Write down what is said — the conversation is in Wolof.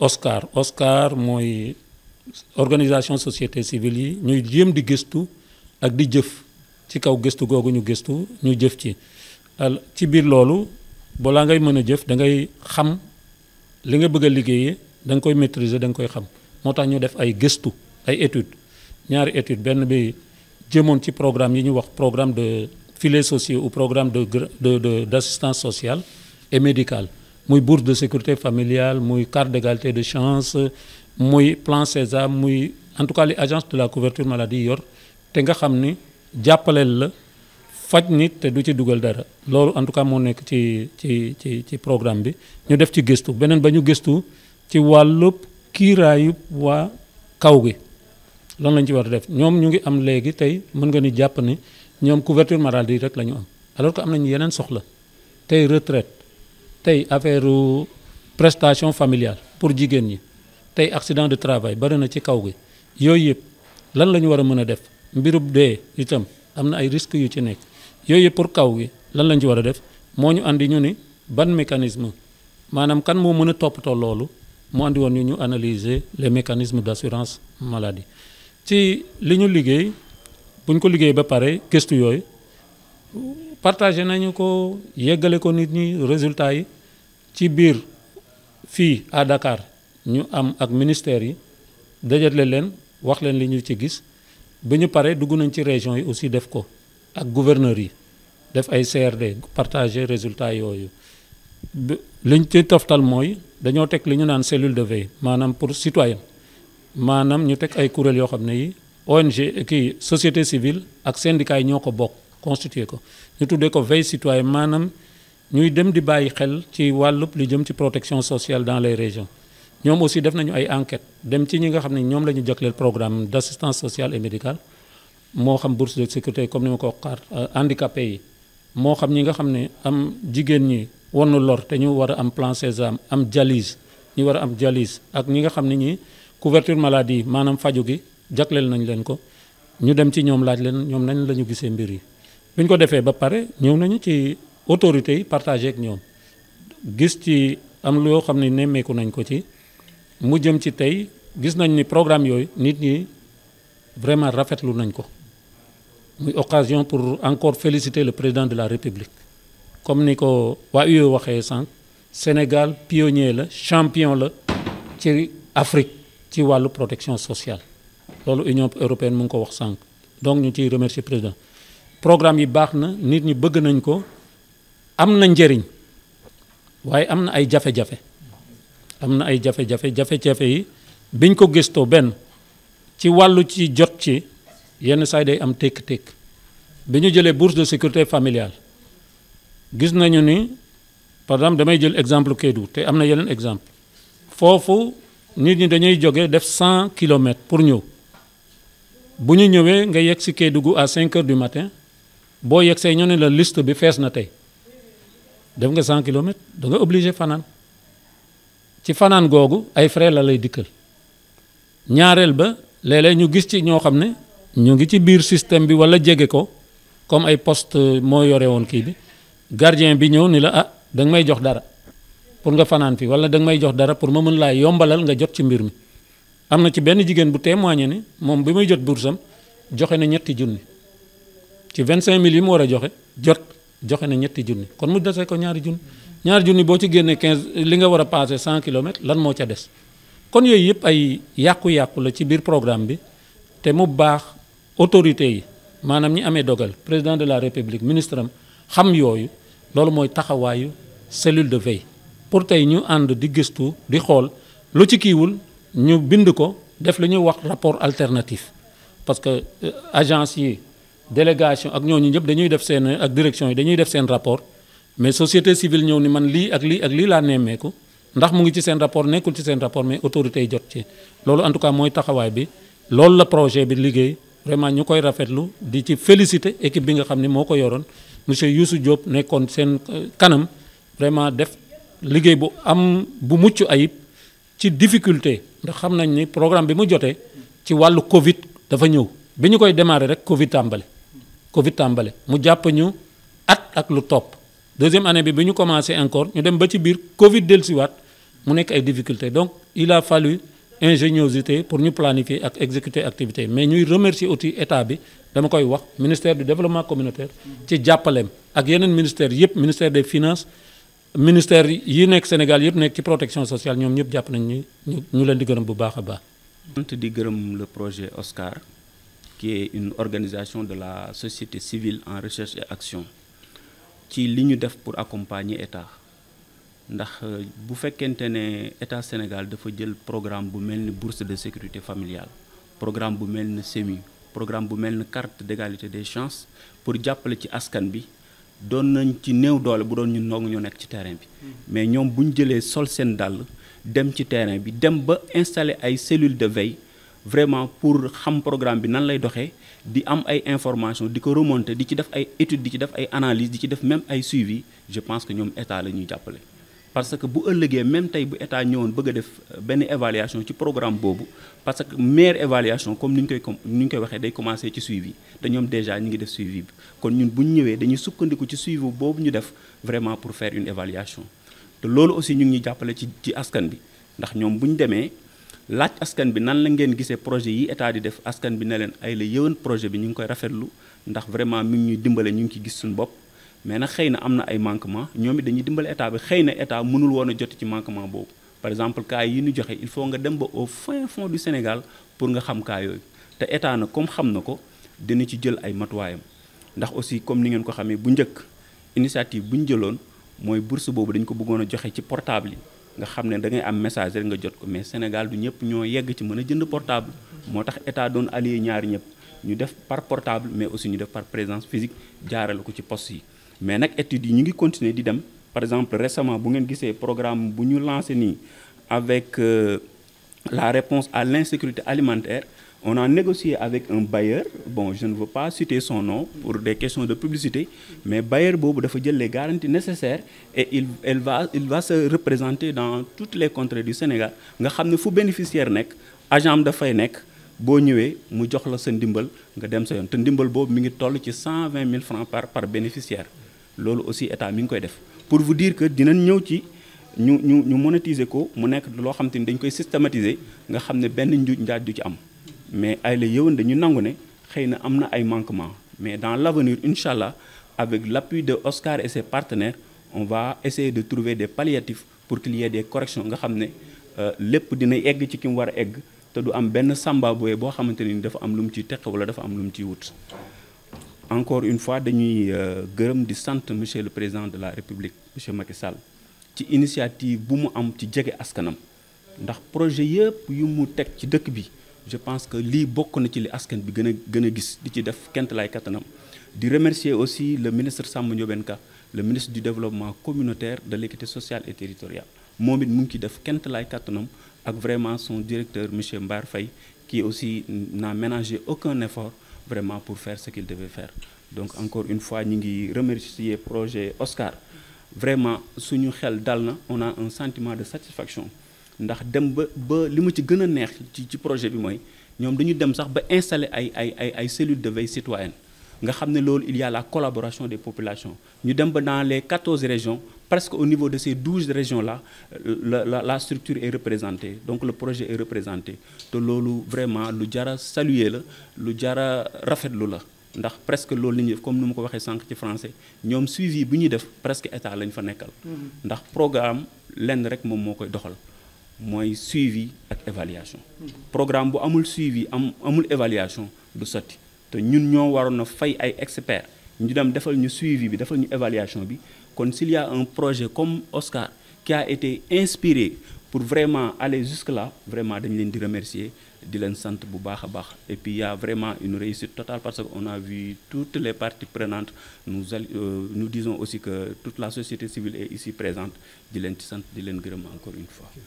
OSCAR OSCAR mooy organisation société civile yi ñuy jéem di gëstu ak di jëf ci kaw gëstu googu ñu gëstu ñu jëf ci ci biir loolu balaa ngay mën a jëf da ngay xam li nga bëgg a liggéeyee danga koy maîtriser da nga koy xam moo tax ñu def ay gëstu ay études ñaari études benn bi jëmoon ci programme yi ñu wax programme de filets sociaux ou programme de de d'assistance sociale et médicale muy bourse de sécurité familiale muy carte d'égalité de chance muy plan Sésame muy en tout cas li agence de la couverture maladie yor te nga xam ni jàppaleel la faj nit te du ci dugal dara loolu en tout cas moo nekk ci ci ci ci programme bi ñu def ci gëstu beneen ba ñu gëstu ci wàllub kiiraayub waa kaw gi loolu lañ ci war a def ñoom ñu ngi am léegi tey mën nga ni jàpp ni ñoom couverture maladie rek la ñu am alors que am nañu yeneen soxla tey retraite tey affaire prestation familiale pour jigéen ñi tey accident de travail bari na ci kaw gi yooyu yëpp lan la ñu war a mën a def mbirub dee itam am na ay risques yu ci nekk yooyu yëpp pour kaw gi lan lañ ci war a def moo ñu àndi ñu ni ban mécanisme maanaam kan moo mën a toppatoo loolu mu andi woon ñu ñu analyser les mécanismes d'assurance maladie ci li ñu liggéey buñ ko liggéey ba pare gëstu yooyu partage nañu ko yeggale ko nit ñi résultat yi ci biir fii à Dakar ñu am ak ministères yi dajale leen wax leen li ñu ci gis ba ñu paree dugg nañ ci région yi aussi def ko ak gouverneurs yi def ay CRD partager résultat yooyu liñ ci toftal mooy dañoo teg li ñu naan cellule de veille maanaam pour citoyen maanaam ñu teg ay kuréel yoo xam ne yi ONG kii société civile ak syndicats yi ñoo ko bokk constitué ko ñu tuddee ko veille citoyen maanaam ñuy dem di bàyyi xel ci wàllub li jëm ci protection sociale dans les régions ñoom aussi def nañu ay enquête dem ci ñi nga xam ne ñoom la ñu jagleel programme d' assistance sociale et médicale moo xam bourse de sécurité comme ni ma ko waxaat euh, handicapé yi moo xam ñi nga xam ne am jigéen ñi wanu lor te ñu war a am plan Sésame am dialyse ñu war a am dialyse ak ñi nga xam ne ñi couverture maladie maanaam faju gi jagleel nañ leen ko ñu dem ci ñoom laaj leen ñoom nañ la ñu gisee mbir yi autorités yi partagé ak ñoom gis ci am loo xam ne nemmeeku nañ ko ci mu jëm ci tey gis nañ ni programme yooyu nit ñi vraiment rafetlu nañ ko muy occasion pour encore féliciter le président de la république comme ni ko waa UE waxee sànq Sénégal pionnier la champion la ci Afrique ci wàllu protection sociale loolu Union européenne mu ngi ko wax sànq donc ñu ciy remercier président programme yi baax na nit ñi bëgg nañ ko am na njëriñ waaye am na ay jafe-jafe am na ay jafe-jafe jafe-jafe yi biñ ko gëstoo benn ci wàllu ci jot ci yenn saa yi day am tékk-tékk bi ñu jëlee bourse de sécurité familiale gis nañu ni par exemple damay jël exemple Kédougou te am na yeneen exemple foofu nit ñi dañuy jóge def cent kilomètres pour ñëw bu ñu ñëwee nga yegg si Kédougou à cinq heures du matin boo yegg see ñu ne la liste bi fees na tey def nga cent kilomètres da nga obligé fanaan ci fanaan googu ay frais la lay dikkal ñaareel ba léeg ñu gis ci ñoo xam ne ñu ngi ci biir système bi walla jege ko comme ay poste moo yore woon kii bi gardien bi ñëw ni la ah danga may jox dara pour nga fanaan fi walla danga may jox dara pour ma mën laa yombalal nga jot ci mbir mi am na ci benn jigéen bu témoigné ne moom bi muy jot bursam joxe na ñetti junni ci 25 mille yi mu war a joxe jot joxe na ñetti junni kon mu dese ko ñaari junni ñaari junni boo ci génnee 15 li nga war a passé 100 kilomètres lan moo ca des kon yooyu yëpp ay yàqu-yàqu la ci biir programme bi te mu baax autorités yi maanaam ñi amee dogal président de la république ministre am xam yooyu loolu mooy taxawaayu cellule de veille pour tey ñu ànd di gëstu di xool lu ci kiiwul ñu bind ko def lu ñuy wax rapport alternatif parce que euh, agence yi délégation ak ñooñu ñëpp dañuy def seen ak direction yi dañuy def seen rapport mais société civile ñëw ni man lii ak lii ak lii laa nemmeeku ndax mu ngi ci seen rapport nekkul ci seen rapport mais autorités yi jot ci loolu en tout cas mooy taxawaay bi loolu la projet bi liggéey vraiment ñu koy rafetlu di ci félicité équipe bi nga xam ne moo ko yoroon monsieur Youssou Diop nekkoon seen euh, kanam vraiment def liggéey bu am bu mucc ayib ci difficulté ndax xam nañ ni programme bi mu jotee ci wàllu Covid dafa ñëw bi ñu koy démarrer rek Covid tàmbali. Covid tàmbale mu jàpp ñu at ak lu topp deuxième année bi bi ñu commencé encore ñu dem ba ci biir Covid dellusiwaat mu nekk ay difficultés donc il a fallu ingéniosité pour ñu planifier ak exécuter activité mais ñuy remercier aussi état bi dama koy wax ministère du développement communautaire ci jàppaleem ak yeneen ministère yëpp ministère des finances ministère yi nekk Sénégal yëpp nekk ci protection sociale ñoom ñëpp jàpp nañu ñu ñu leen di gërëm bu baax a baax. di gërëm le projet Oscar. une organisation de la société civile en recherche action ci li ñu def pour accompagner état ndax euh, bu fekkente ne état Sénégal dafa jël programme bu mel ni bourse de sécurité familiale programme bu mel ni SEMI programme bu mel ni carte d'égalité des chances pour jàppale ci askan bi doon nañ ci néew doole bu doon ñu noog ñu nekk ci terrain bi mais ñoom bu ñu jëlee sol seen dàll dem ci terrain bi dem ba installer ay cellules de veille vraiment pour xam programme bi nan lay doxee di am ay information di ko remonter di ci def ay études di ci def ay analyses di ci def même ay suivi je pense que ñoom état la ñuy jàppale parce que bu ëllëgee même tey bu état ñëwoon bëgg a def euh, benn évaluation ci programme boobu parce que meilleure évaluation comme ni ñu koy ni ñu koy waxee day commencer ci suivi te ñoom déjà ñu ngi def suivi bi kon ñun bu ñu ñëwee dañuy sukkandiku ci suivi boobu ñu def vraiment pour faire une évaluation te loolu aussi ñu ngi ñuy jàppale ci ci askan bi ndax ñoom bu ñu demee laaj askan bi nan la ngeen gisee projet yi état di def askan bi ne leen ay la yëwan projet bi ñu ngi koy rafetlu ndax vraiment mi ngi ñuy dimbale ñu ngi ciy gis suñu bopp mais nag xëy na am na ay manquement ñoom it dañuy dimbale état bi xëy na état mënul woon a jot ci manquement boobu par exemple cas yi ñu joxe il faut nga dem ba au fin fond du Sénégal pour nga xam yooyu te état na comme xam na ko dina ci jël ay matuwaayam ndax aussi comme li ngeen ko xamee bu njëkk initiative bu ñu jëloon mooy bourse boobu dañ ko bëggoon a joxe ci portable yi nga xam ne da ngay am message nga jot ko mais Sénégal du ñëpp ñoo yegg ci mën a jënd portable moo tax état doon allié ñaari ñëpp ñu def par portable mais aussi ñu def par présence physique jaarale ko ci poste yi mais nag études yi ñu ngi continuer di dem par exemple récemment bu ngeen gisee programme bu ñu lancé nii avec euh, la réponse à l'insécurité alimentaire on a négocié avec un bailleur bon je ne veux pas citer son nom pour de question de publicité mais bailleur boobu dafa jël garanti garanties nécessaires et il elle va il va se représenter dans toutes les contres du Sénégal nga xam ne fu bénéficiaire nekk agent am dafay nekk boo ñëwee mu jox la sa ndimbal nga dem sa yoon te ndimbal boobu mi ngi toll ci cent vingt mille francs par par bénéficiaire loolu aussi état mi ngi koy def pour vous dire que dinañ ñëw ci. ñu ñu ñu monétiser ko mu nekk loo xam ni dañ koy systématiser nga xam ne benn njuuj njaaj du ci am mais ay la yëwan dañu nangu ne xëy na am na ay manquements mais dans l' avenir incha allah avec l' appui de Oscar et ses partenaires on va essayer de trouver des palliatifs pour qu'il y ait des corrections nga xam ne euh, lépp dina egg ci ki mu war a egg te du am benn samba boo xamante ni dafa am lu mu ciy teq wala dafa am lu mu ciy wut. encore une fois dañuy euh, gërëm di sant monsieur le président de la république monsieur Macky Sall ci initiative bu mu am ci jege askanam ndax projet yëpp yu teg ci dëkk bi. je pense que lii bokk na ci li askan bi gën a gën a gis di ci def kent lay kattanam di remercier aussi le ministre Samba Ndiobène Ka le ministre du développement communautaire de l'équité sociale et territoriale moom it mu ngi ci def kent lay kattanam ak vraiment son directeur monsieur Mbar Faye qui aussi n'a ménagé aucun effort vraiment pour fair ce qu'il devait faire donc encore une fois ñu ngi remercier projet Oscar vraiment suñu xel dal na on a un sentiment de satisfaction ndax dem ba ba li ma ci gën a neex ci ci projet bi mooy ñoom dañu dem sax ba installer ay ay ay ay cellules de veille citoyenne nga xam ne loolu il y la collaboration des populations ñu dem ba dans les quatorze régions presque au niveau de ces douze régions là la la la structure et représenté donc le projet est représenté te loolu vraiment lu jara saluer la lu jara rafetlu la ndax presque loolu li ñuy def comme ni ma ko waxee sànq ci français ñoom suivi bu ñuy def presque état lañ fa nekkal mm-hmm. ndax programme lenn rek moom moo koy doxal mooy suivi ak évaluation programme bu amul suivi am amul évaluation du sotti te ñun ñoo waroon a fay ay experts ñu dem defal ñu suivi bi defal ñu évaluation bi kon s'il y a un projet comme Oscar qui a été inspiré pour vraiment aller jusque-là vraiment dañu leen di remercier di leen sant bu baax a baax et puis il a vraiment une réussite total parce que qu'on a vu toutes les parties prenantes nous euh, nous disons aussi que toute la société civile et ici présente di leen ci sant di leen gërëm encore une fois